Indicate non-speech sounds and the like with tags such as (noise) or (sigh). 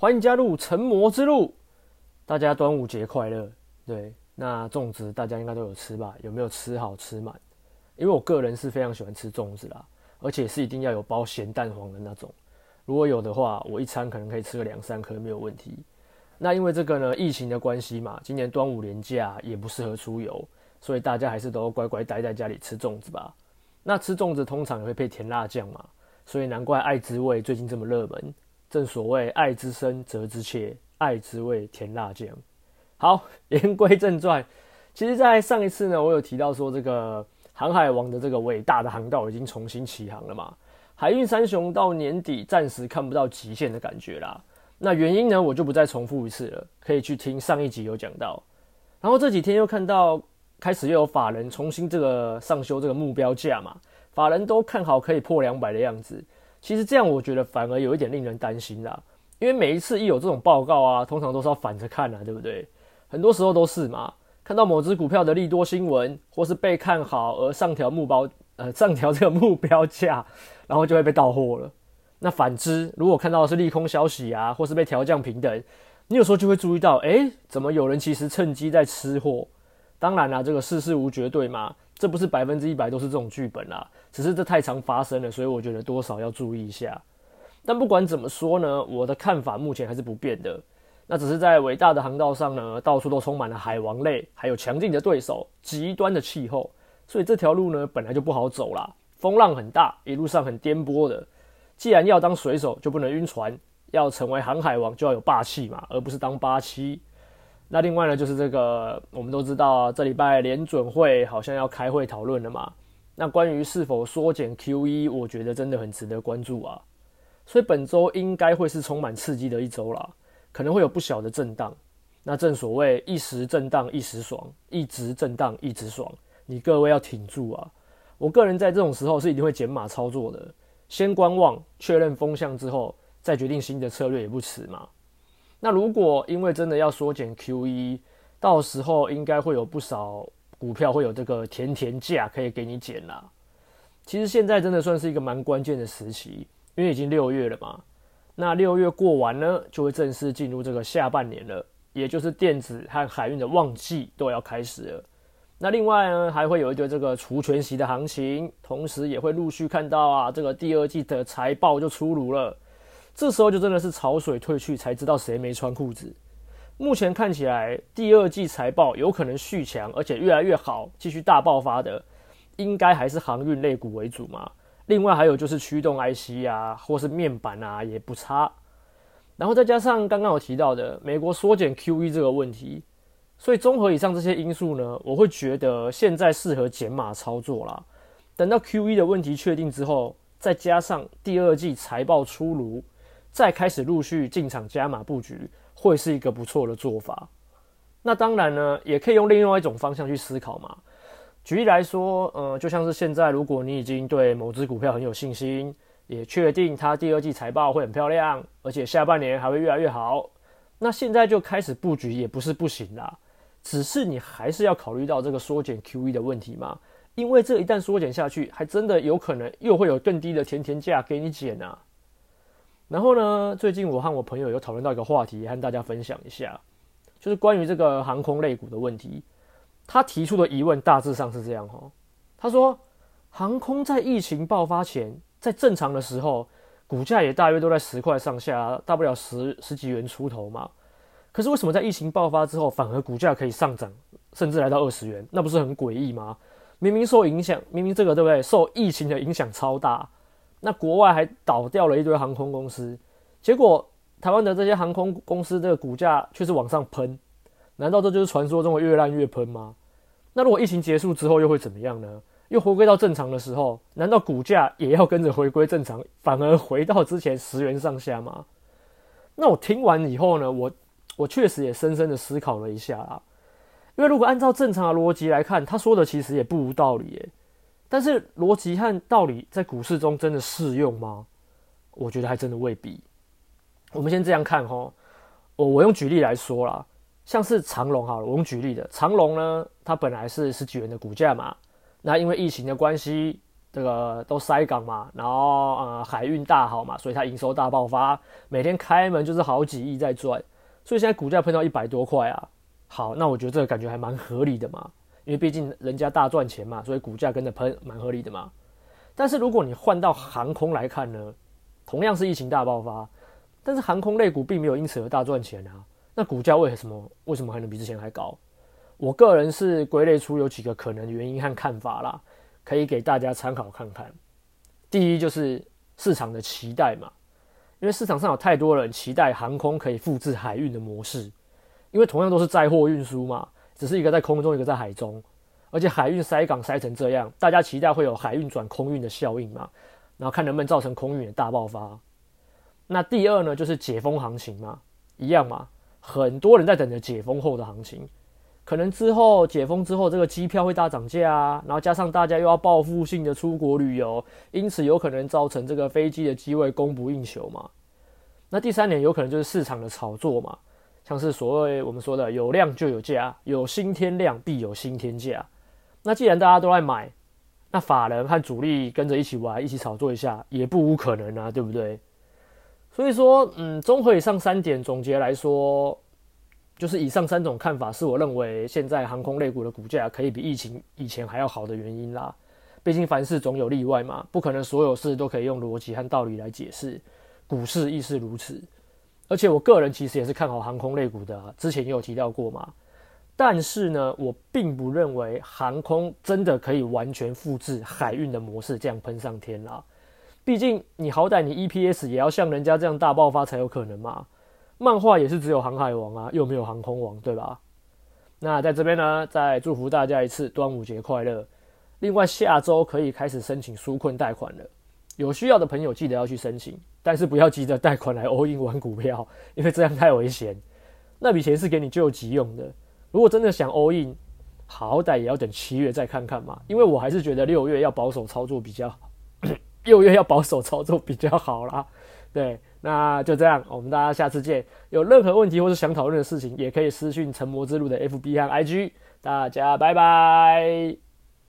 歡迎加入成魔之路，大家端午節快樂！對，那粽子大家應該都有吃吧？有沒有吃好吃滿？因為我個人是非常喜歡吃粽子啦，而且是一定要有包鹹蛋黃的那種。如果有的話，我一餐可能可以吃個兩三顆沒有問題。那因為這個呢，疫情的關係嘛，今年端午連假也不適合出遊，所以大家還是都乖乖待在家裡吃粽子吧。那吃粽子通常也會配甜辣醬嘛，所以難怪愛之味最近這麼熱門。正所謂愛之深責之切，愛之味甜辣醬。好，言歸正傳，其實，在上一次呢，我有提到說，這個《航海王》的這個偉大的航道已經重新起航了嘛。海運三雄到年底暫時看不到極限的感覺啦。那原因呢，我就不再重複一次了，可以去聽上一集有講到。然後這幾天又看到開始又有法人重新這個上修這個目標價嘛，法人都看好可以破兩百的樣子。其實這樣，我覺得反而有一點令人擔心啦。因為每一次一有這種報告啊，通常都是要反着看啊，對不對？很多時候都是嘛。看到某隻股票的利多新聞，或是被看好而上調目標，呃，上調這個目標價，然後就會被倒貨了。那反之，如果看到的是利空消息啊，或是被調降評等，你有時候就會注意到，哎，怎麼有人其實趁機在吃貨？當然啦、啊，這個世事無絕對嘛，這不是百分之一百都是這種劇本啦、啊。只是這太常發生了，所以我覺得多少要注意一下。但不管怎麼說呢，我的看法目前還是不變的。那只是在偉大的航道上呢，到處都充滿了海王類，還有強勁的對手，極端的氣候，所以這條路呢本來就不好走啦，風浪很大，一路上很顛簸的。既然要當水手，就不能暈船；要成為航海王，就要有霸氣嘛，而不是當八七。那另外呢，就是這個，我們都知道啊，這禮拜聯準會好像要開會討論了嘛。那關於是否縮減 QE，我覺得真的很值得關注啊。所以本周應該會是充滿刺激的一周啦，可能會有不小的震盪。那正所謂一時震盪一時爽，一直震盪一直爽，你各位要挺住啊。我個人在這種時候是一定會減碼操作的，先觀望確認風向之後，再決定新的策略也不遲嘛。那如果因為真的要縮減 QE，到時候應該會有不少股票會有這個甜甜價可以給你減啦。其實現在真的算是一個蠻關鍵的時期，因為已經六月了嘛。那六月過完呢，就會正式進入這個下半年了，也就是電子和海運的旺季都要開始了。那另外呢，還會有一堆這個除權息的行情，同時也會陸續看到啊，這個第二季的財報就出爐了。這時候就真的是潮水退去，才知道誰沒穿褲子。目前看起來，第二季財報有可能續強，而且越來越好，繼續大爆發的，應該還是航運類股為主嘛。另外還有就是驅動 IC 啊，或是面板啊，也不差。然後再加上剛剛我提到的美國縮減 QE 這個問題，所以綜合以上這些因素呢，我會覺得現在適合減碼操作啦。等到 QE 的問題確定之後，再加上第二季財報出爐。再開始陸續進場加碼佈局，會是一個不錯的做法。那當然呢，也可以用另外一種方向去思考嘛。舉例來說，呃，就像是現在，如果你已經對某隻股票很有信心，也確定它第二季財報會很漂亮，而且下半年還會越來越好，那現在就開始佈局也不是不行啦。只是你還是要考慮到這個縮減 QE 的問題嘛，因為這一旦縮減下去，還真的有可能又會有更低的甜甜價給你撿啊。然後呢，最近我和我朋友有討論到一個話題，和大家分享一下，就是關於這個航空類股的問題。他提出的疑問大致上是這樣哈、哦，他說航空在疫情爆發前，在正常的時候，股價也大約都在十塊上下，大不了十十幾元出頭嘛。可是為什麼在疫情爆發之後，反而股價可以上漲，甚至來到二十元？那不是很詭異嗎？明明受影響，明明這個對不對？受疫情的影響超大。那國外還倒掉了一堆航空公司，結果台灣的這些航空公司這個股價卻是往上噴，難道這就是傳說中的越爛越噴嗎？那如果疫情結束之後又會怎麼樣呢？又回歸到正常的時候，難道股價也要跟着回歸正常，反而回到之前十元上下嗎？那我聽完以後呢，我我確實也深深的思考了一下啊，因為如果按照正常的邏輯來看，他說的其實也不無道理欸。但是邏輯和道理在股市中真的適用嗎？我覺得還真的未必。我們先這樣看哈，我我用舉例來說啦，像是長榮好了，我用舉例的長榮呢，它本來是十幾元的股價嘛，那因為疫情的關係，這個都塞港嘛，然後呃海運大好嘛，所以它營收大爆發，每天開門就是好幾億在賺，所以現在股價碰到一百多塊啊，好，那我覺得這個感覺還蠻合理的嘛。因為畢竟人家大賺錢嘛，所以股價跟着噴蠻合理的嘛。但是如果你換到航空來看呢，同樣是疫情大爆發，但是航空類股並沒有因此而大賺錢啊。那股價為什麼為什麼還能比之前還高？我個人是歸類出有幾個可能原因和看法啦，可以給大家參考看看。第一就是市場的期待嘛，因為市場上有太多人期待航空可以複製海運的模式，因為同樣都是載貨運輸嘛。只是一個在空中，一個在海中，而且海運塞港塞成這樣，大家期待會有海運轉空運的效應嘛。然後看能不能造成空運的大爆發。那第二呢，就是解封行情嘛，一樣嘛，很多人在等着解封後的行情，可能之後解封之後，這個機票會大漲價啊，然後加上大家又要報復性的出國旅遊，因此有可能造成這個飛機的機位供不應求嘛。那第三點，有可能就是市場的炒作嘛。像是所謂我們說的有量就有價，有新天量必有新天價。那既然大家都愛買，那法人和主力跟着一起玩，一起炒作一下也不無可能啊，對不對？所以說，嗯，綜合以上三點，總結來說，就是以上三種看法是我認為現在航空類股的股價可以比疫情以前還要好的原因啦。畢竟凡事總有例外嘛，不可能所有事都可以用邏輯和道理來解釋，股市亦是如此。而且我個人其實也是看好航空類股的啊，之前也有提到過嘛。但是呢，我並不認為航空真的可以完全複製海運的模式這樣噴上天啦。畢竟你好歹你 EPS 也要像人家這樣大爆發才有可能嘛。漫畫也是只有航海王啊，又沒有航空王，對吧？那在這邊呢，再祝福大家一次端午節快樂。另外，下周可以開始申請紓困貸款了。有需要的朋友記得要去申請，但是不要急着貸款來 all in 玩股票，因為這樣太危險。那筆錢是給你救急用的。如果真的想 all in，好歹也要等七月再看看嘛，因為我還是覺得六月要保守操作比較好。 (coughs) 六月要保守操作比較好啦。對，那就這樣，我們大家下次見。有任何問題或是想討論的事情，也可以私訊成魔之路的 FB 和 IG。大家拜拜。